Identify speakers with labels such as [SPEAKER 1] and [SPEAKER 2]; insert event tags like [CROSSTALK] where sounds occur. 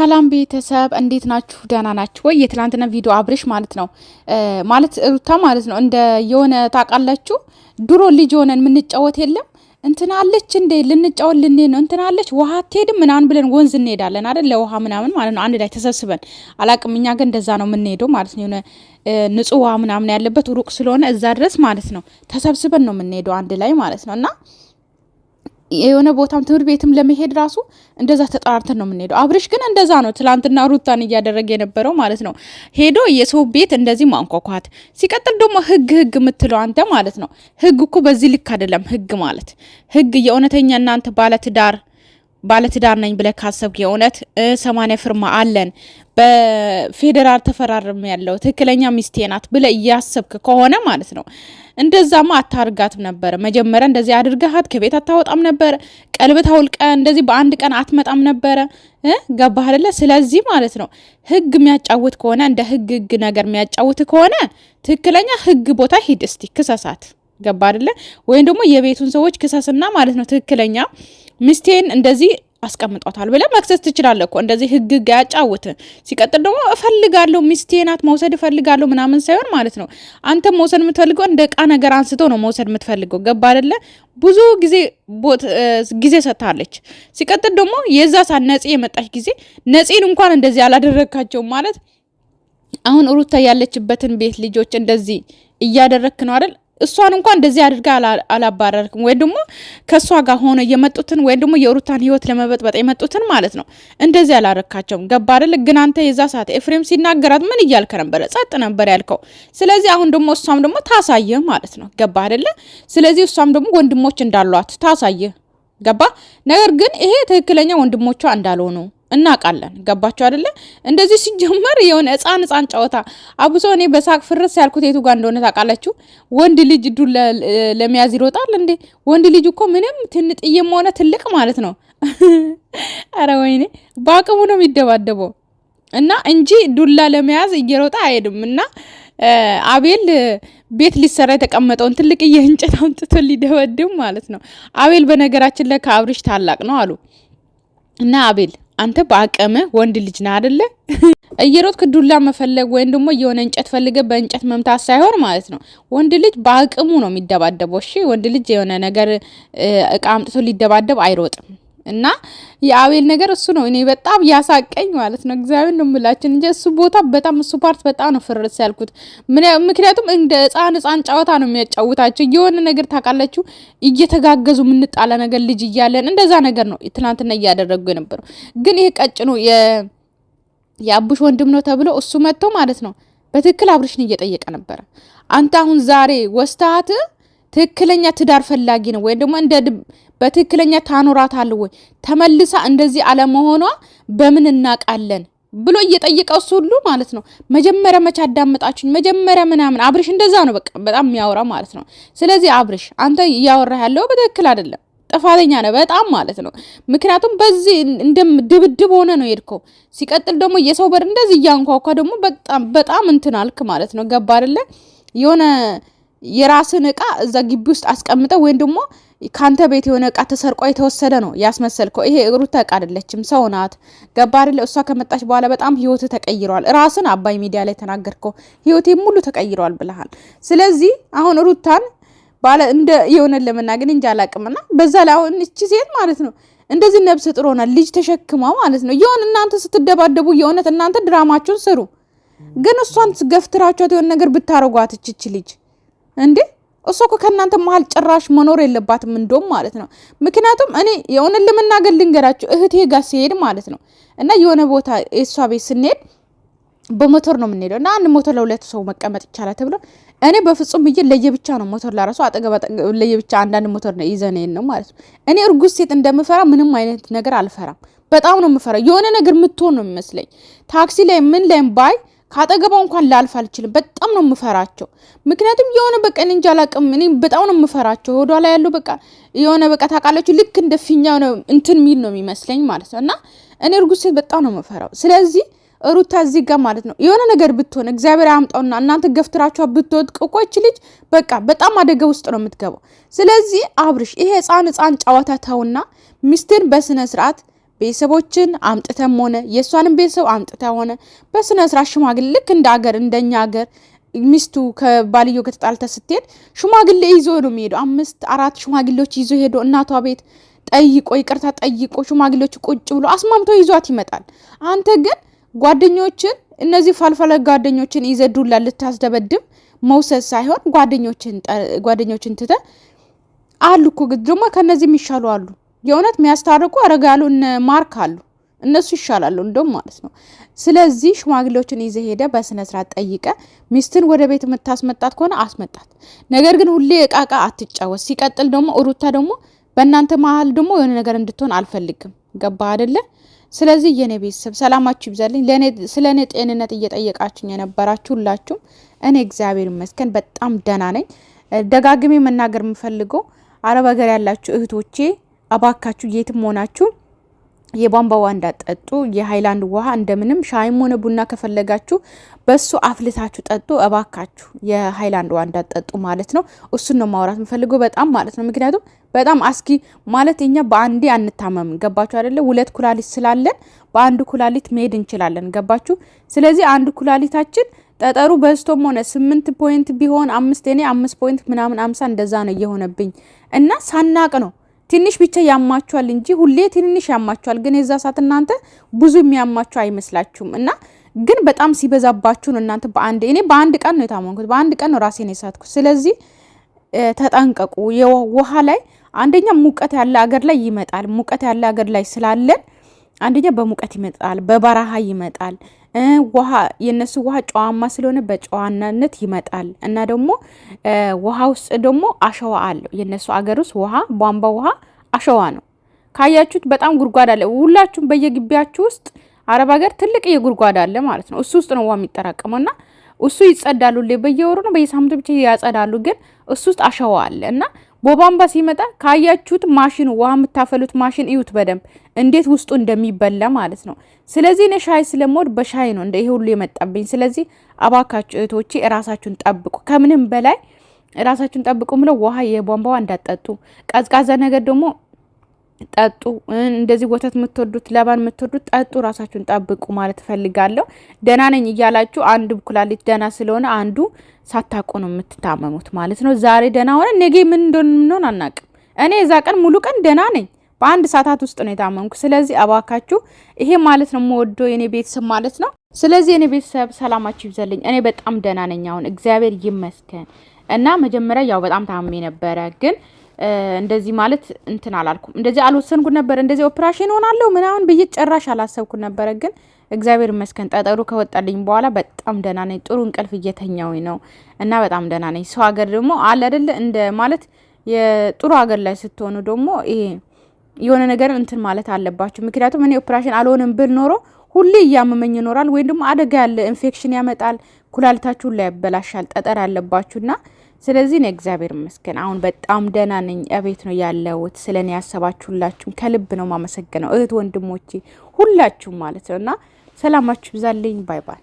[SPEAKER 1] ሰላም ቤተሰብ እንዴት ናችሁ? ደህና ናችሁ ወይ? የትላንትና ቪዲዮ አብርሽ ማለት ነው ማለት ሩታ ማለት ነው እንደ የሆነ ታውቃላችሁ፣ ድሮ ልጅ ሆነን የምንጫወት የለም እንትናለች እንዴ ልንጫወት ልንሄድ ነው እንትናለች ውሃ አትሄድም ምናምን ብለን ወንዝ እንሄዳለን አይደል? ለውሃ ምናምን ማለት ነው አንድ ላይ ተሰብስበን አላቅም። እኛ ግን እንደዛ ነው የምንሄደው ማለት ነው የሆነ ንጹህ ውሃ ምናምን ያለበት ሩቅ ስለሆነ እዛ ድረስ ማለት ነው ተሰብስበን ነው የምንሄደው አንድ ላይ ማለት ነው እና የሆነ ቦታም ትምህርት ቤትም ለመሄድ ራሱ እንደዛ ተጠራርተን ነው የምንሄደው። አብርሽ ግን እንደዛ ነው ትላንትና ሩታን እያደረገ የነበረው ማለት ነው። ሄዶ የሰው ቤት እንደዚህ ማንኳኳት። ሲቀጥል ደግሞ ህግ ህግ የምትለው አንተ ማለት ነው። ህግ እኮ በዚህ ልክ አይደለም። ህግ ማለት ህግ የእውነተኛ እናንተ ባለትዳር ባለትዳር ነኝ ብለህ ካሰብክ የእውነት ሰማንያ ፊርማ አለን በፌዴራል ተፈራርም ያለው ትክክለኛ ሚስቴ ናት ብለህ እያሰብክ ከሆነ ማለት ነው እንደዛማ አታርጋትም ነበር። መጀመሪያ እንደዚህ አድርገሃት ከቤት አታወጣም ነበር። ቀልብት አውልቀ እንደዚህ በአንድ ቀን አትመጣም ነበረ። ገባህ አይደለ? ስለዚህ ማለት ነው ህግ የሚያጫውት ከሆነ እንደ ህግ ህግ ነገር የሚያጫውት ከሆነ ትክክለኛ ህግ ቦታ ሂድ እስቲ ክሰሳት። ገባህ አይደለ? ወይም ደግሞ የቤቱን ሰዎች ክሰስና ማለት ነው ትክክለኛ ሚስቴን እንደዚህ አስቀምጧታል ብለህ መክሰስ ትችላለህ እኮ። እንደዚህ ህግ ህግ ያጫውት። ሲቀጥል ደግሞ እፈልጋለሁ ሚስቴ ናት መውሰድ እፈልጋለሁ ምናምን ሳይሆን ማለት ነው። አንተ መውሰድ የምትፈልገው እንደ እቃ ነገር አንስቶ ነው መውሰድ የምትፈልገው። ገባ አይደለ? ብዙ ጊዜ ጊዜ ሰጥታለች። ሲቀጥል ደግሞ የዛ ሳ ነጽ የመጣች ጊዜ ነጽን እንኳን እንደዚህ አላደረግካቸው ማለት አሁን ሩታ ያለችበትን ቤት ልጆች እንደዚህ እያደረግክ ነው አይደል? እሷን እንኳን እንደዚህ አድርጋ አላባረርክም፣ ወይም ደግሞ ከእሷ ጋር ሆነ የመጡትን ወይም ደግሞ የሩታን ህይወት ለመበጥበጥ የመጡትን ማለት ነው እንደዚህ አላረካቸውም። ገባ አይደል? ግን አንተ የዛ ሰዓት ኤፍሬም ሲናገራት ምን እያልከ ነበረ? ጸጥ ነበር ያልከው። ስለዚህ አሁን ደግሞ እሷም ደግሞ ታሳየ ማለት ነው። ገባ አይደለ? ስለዚህ እሷም ደግሞ ወንድሞች እንዳሏት ታሳየ። ገባ ነገር ግን ይሄ ትክክለኛ ወንድሞቿ እንዳልሆኑ እናውቃለን። ገባችሁ አይደለ? እንደዚህ ሲጀመር የሆነ ህፃን ህፃን ጨዋታ አብሶ እኔ በሳቅ ፍርስ ያልኩት የቱ ጋር እንደሆነ ታውቃላችሁ? ወንድ ልጅ እዱ ለመያዝ ይሮጣል እንዴ? ወንድ ልጅ እኮ ምንም ትንጥዬም ሆነ ትልቅ ማለት ነው። [LAUGHS] አረ ወይኔ በአቅሙ ነው የሚደባደበው እና እንጂ ዱላ ለመያዝ እየሮጠ አይሄድም። እና አቤል ቤት ሊሰራ የተቀመጠውን ትልቅዬ እንጨት አምጥቶ ሊደበድም ማለት ነው። አቤል በነገራችን ላይ ከአብርሽ ታላቅ ነው አሉ እና አቤል አንተ በአቅምህ ወንድ ልጅ ና አደለ [LAUGHS] እየሮጥክ ዱላ መፈለግ ወይም ደግሞ የሆነ እንጨት ፈልገ በእንጨት መምታት ሳይሆን ማለት ነው። ወንድ ልጅ በአቅሙ ነው የሚደባደበው። እሺ፣ ወንድ ልጅ የሆነ ነገር እቃ አምጥቶ ሊደባደብ አይሮጥም። እና የአቤል ነገር እሱ ነው። እኔ በጣም ያሳቀኝ ማለት ነው። እግዚአብሔር ነው ምላችን እንጂ እሱ ቦታ በጣም እሱ ፓርት በጣም ነው ፍርስ ያልኩት። ምክንያቱም እንደ ህፃን ህፃን ጨዋታ ነው የሚያጫውታቸው። የሆነ ነገር ታውቃላችሁ፣ እየተጋገዙ የምንጣላ ነገር ልጅ እያለን እንደዛ ነገር ነው ትናንትና እያደረጉ የነበረው። ግን ይሄ ቀጭኑ የአቡሽ ወንድም ነው ተብሎ እሱ መጥቶ ማለት ነው በትክክል አብርሽን እየጠየቀ ነበረ። አንተ አሁን ዛሬ ወስታት ትክክለኛ ትዳር ፈላጊ ነው ወይም ደግሞ እንደ በትክክለኛ ታኖራታለህ ወይ ተመልሳ እንደዚህ አለመሆኗ በምን እናቃለን ብሎ እየጠየቀው እሱ ሁሉ ማለት ነው። መጀመሪያ መቼ አዳመጣችሁኝ መጀመሪያ ምናምን አብርሽ እንደዛ ነው በቃ በጣም የሚያወራ ማለት ነው። ስለዚህ አብርሽ አንተ እያወራህ ያለው በትክክል አይደለም፣ ጥፋተኛ ነው በጣም ማለት ነው። ምክንያቱም በዚህ እንደም ድብድብ ሆነ ነው የሄድከው። ሲቀጥል ደግሞ የሰው በር እንደዚህ እያንኳኳ ደግሞ በጣም በጣም እንትን አልክ ማለት ነው። ገባ አይደለ የሆነ የራስን እቃ እዛ ግቢ ውስጥ አስቀምጠ ወይም ደግሞ ከአንተ ቤት የሆነ እቃ ተሰርቆ የተወሰደ ነው ያስመሰልከው። ይሄ ሩታ እቃ አይደለችም፣ ሰው ናት። ገባሪ እሷ ከመጣች በኋላ በጣም ህይወት ተቀይረዋል። ራስን አባይ ሚዲያ ላይ ተናገርከው፣ ህይወቴ ሙሉ ተቀይረዋል ብለሃል። ስለዚህ አሁን ሩታን ባለ እንደ የሆነን ለመናገር እንጂ አላቅምና በዛ ላይ አሁን እቺ ሴት ማለት ነው እንደዚህ ነብስ ጥሮናል ልጅ ተሸክማ ማለት ነው። የሆን እናንተ ስትደባደቡ የእውነት እናንተ ድራማችሁን ስሩ፣ ግን እሷን ገፍትራችኋት የሆነ ነገር ብታረጓት እችች ልጅ እንዴ እሱ እኮ ከእናንተ መሀል ጭራሽ መኖር የለባትም እንደውም ማለት ነው። ምክንያቱም እኔ የሆነ ለመናገር ልንገራችሁ እህቴ ጋር ሲሄድ ማለት ነው እና የሆነ ቦታ የእሷ ቤት ስንሄድ በሞተር ነው የምንሄደው እና አንድ ሞተር ለሁለት ሰው መቀመጥ ይቻላል ተብሎ እኔ በፍጹም ብዬ ለየብቻ ነው ሞተር ላረሱ አጠገብ ለየብቻ አንዳንድ ሞተር ነው ይዘን ነው ማለት ነው። እኔ እርጉዝ ሴት እንደምፈራ ምንም አይነት ነገር አልፈራም። በጣም ነው የምፈራ። የሆነ ነገር የምትሆን ነው የሚመስለኝ ታክሲ ላይ ምን ላይም ባይ ከአጠገቧ እንኳን ላልፍ አልችልም። በጣም ነው የምፈራቸው። ምክንያቱም የሆነ በቃ እኔ እንጃ አላውቅም። እኔ በጣም ነው የምፈራቸው። ወደ ኋላ ያለው በቃ የሆነ በቃ ታውቃላችሁ፣ ልክ እንደ ፊኛ እንትን ሚል ነው የሚመስለኝ ማለት ነው። እና እኔ እርጉዝ ሴት በጣም ነው የምፈራው። ስለዚህ ሩታ እዚህ ጋር ማለት ነው የሆነ ነገር ብትሆን እግዚአብሔር ያምጣውና እናንተ ገፍትራቸኋ ብትወድቅ እኮ ይች ልጅ በቃ በጣም አደገ ውስጥ ነው የምትገባው። ስለዚህ አብርሽ ይሄ ህፃን ህፃን ጨዋታ ተውና ሚስትን በስነ ስርዓት ቤተሰቦችን አምጥተም ሆነ የእሷንም ቤተሰብ አምጥተ ሆነ በስነ ስርዓት ሽማግሌ ልክ እንደ ሀገር እንደኛ ሀገር ሚስቱ ከባልዮ ከተጣልተ ስትሄድ ሽማግሌ ይዞ ነው የሚሄዱ። አምስት አራት ሽማግሌዎች ይዞ ሄዶ እናቷ ቤት ጠይቆ ይቅርታ ጠይቆ ሽማግሌዎች ቁጭ ብሎ አስማምቶ ይዟት ይመጣል። አንተ ግን ጓደኞችን እነዚህ ፋልፋለ ጓደኞችን ይዘዱላ ዱላ ልታስደበድብ መውሰድ ሳይሆን ጓደኞችን ትተ አሉ እኮ ደግሞ ከእነዚህ የሚሻሉ አሉ። የእውነት የሚያስታርቁ አረጋሉን ማርክ አሉ። እነሱ ይሻላሉ እንደም ማለት ነው። ስለዚህ ሽማግሌዎችን ይዘ ሄደ በስነ ስርዓት ጠይቀ ሚስትን ወደ ቤት የምታስመጣት ከሆነ አስመጣት። ነገር ግን ሁሌ እቃ አትጫወት። ሲቀጥል ደግሞ እሩታ ደግሞ በእናንተ መሀል ደግሞ የሆነ ነገር እንድትሆን አልፈልግም። ገባ አይደለ? ስለዚህ የኔ ቤተሰብ ሰላማችሁ ይብዛልኝ። ስለ እኔ ጤንነት እየጠየቃችሁኝ የነበራችሁ ሁላችሁም እኔ እግዚአብሔር ይመስገን በጣም ደህና ነኝ። ደጋግሜ መናገር የምፈልገው አረብ ሀገር ያላችሁ እህቶቼ አባካችሁ የትም ሆናችሁ የቧንቧ ውሃ እንዳጠጡ የሀይላንድ ውሃ እንደምንም ሻይም ሆነ ቡና ከፈለጋችሁ በሱ አፍልታችሁ ጠጡ። እባካችሁ የሀይላንድ ውሃ እንዳጠጡ ማለት ነው። እሱን ነው ማውራት የምፈልገው በጣም ማለት ነው። ምክንያቱም በጣም አስጊ ማለት እኛ በአንዴ አንታመምን፣ ገባችሁ አይደለ? ሁለት ኩላሊት ስላለን በአንድ ኩላሊት መሄድ እንችላለን። ገባችሁ? ስለዚህ አንድ ኩላሊታችን ጠጠሩ በዝቶም ሆነ ስምንት ፖይንት ቢሆን አምስት እኔ አምስት ፖይንት ምናምን አምሳ እንደዛ ነው እየሆነብኝ እና ሳናቅ ነው ትንሽ ብቻ ያማችኋል እንጂ ሁሌ ትንሽ ያማችኋል፣ ግን የዛ ሰዓት እናንተ ብዙ የሚያማችሁ አይመስላችሁም እና ግን በጣም ሲበዛባችሁ ነው እናንተ በአንድ እኔ በአንድ ቀን ነው የታመንኩት፣ በአንድ ቀን ነው ራሴን የሳትኩት። ስለዚህ ተጠንቀቁ። የውሃ ላይ አንደኛ ሙቀት ያለ አገር ላይ ይመጣል። ሙቀት ያለ አገር ላይ ስላለን አንደኛ በሙቀት ይመጣል፣ በበረሃ ይመጣል። ውሃ የነሱ ውሃ ጨዋማ ስለሆነ በጨዋናነት ይመጣል እና ደግሞ ውሃ ውስጥ ደግሞ አሸዋ አለው። የእነሱ አገር ውስጥ ውሃ ቧንቧ ውሃ አሸዋ ነው። ካያችሁት በጣም ጉድጓድ አለ። ሁላችሁም በየግቢያችሁ ውስጥ አረብ ሀገር ትልቅ የጉድጓድ አለ ማለት ነው። እሱ ውስጥ ነው ውሃ የሚጠራቀመው እና እሱ ይጸዳሉ። በየወሩ ነው በየሳምንቱ ብቻ ያጸዳሉ። ግን እሱ ውስጥ አሸዋ አለ እና ቦባምባ ሲመጣ ካያችሁት ማሽን ውሃ የምታፈሉት ማሽን እዩት በደንብ እንዴት ውስጡ እንደሚበላ ማለት ነው። ስለዚህ እኔ ሻይ ስለምወድ በሻይ ነው እንደ ይሄ ሁሉ የመጣብኝ። ስለዚህ አባካችሁ እህቶቼ ራሳችሁን ጠብቁ፣ ከምንም በላይ ራሳችሁን ጠብቁ። ምለው ውሃ የቧንቧ እንዳጠጡ ቀዝቃዛ ነገር ደግሞ ጠጡ። እንደዚህ ወተት የምትወዱት ለባን የምትወዱት ጠጡ፣ ራሳችሁን ጠብቁ ማለት እፈልጋለሁ። ደህና ነኝ እያላችሁ አንድ ኩላሊት ደህና ስለሆነ አንዱ ሳታውቁ ነው የምትታመሙት ማለት ነው። ዛሬ ደህና ሆነ ነገ ምን እንደሆነ ምንሆን አናውቅም። እኔ የዛ ቀን ሙሉ ቀን ደህና ነኝ፣ በአንድ ሰዓታት ውስጥ ነው የታመምኩ። ስለዚህ አባካችሁ ይሄ ማለት ነው የምወደው የኔ ቤተሰብ ማለት ነው። ስለዚህ የኔ ቤተሰብ ሰላማችሁ ይብዛልኝ። እኔ በጣም ደህና ነኝ አሁን እግዚአብሔር ይመስገን እና መጀመሪያ ያው በጣም ታምሜ ነበረ ግን እንደዚህ ማለት እንትን አላልኩም፣ እንደዚህ አልወሰንኩ ነበር፣ እንደዚህ ኦፕሬሽን ሆናለሁ ምናምን ብዬ ጨራሽ አላሰብኩን ነበረ። ግን እግዚአብሔር ይመስገን ጠጠሩ ከወጣልኝ በኋላ በጣም ደህና ነኝ። ጥሩ እንቅልፍ እየተኛው ነው እና በጣም ደህና ነኝ። ሰው ሀገር ደግሞ አለ አይደለ እንደ ማለት የጥሩ ሀገር ላይ ስትሆኑ ደግሞ ይሄ የሆነ ነገር እንትን ማለት አለባችሁ። ምክንያቱም እኔ ኦፕሬሽን አልሆንም ብል ኖሮ ሁሌ እያመመኝ ይኖራል፣ ወይም ደግሞ አደጋ ያለ ኢንፌክሽን ያመጣል፣ ኩላሊታችሁን ላይ ያበላሻል ጠጠር ያለባችሁና ስለዚህ ነው እግዚአብሔር ይመስገን አሁን በጣም ደህና ነኝ። እቤት ነው ያለሁት። ስለ እኔ ያሰባችሁላችሁም ከልብ ነው ማመሰግነው እህት ወንድሞቼ ሁላችሁም ማለት ነው እና ሰላማችሁ ይብዛልኝ። ባይ ባይ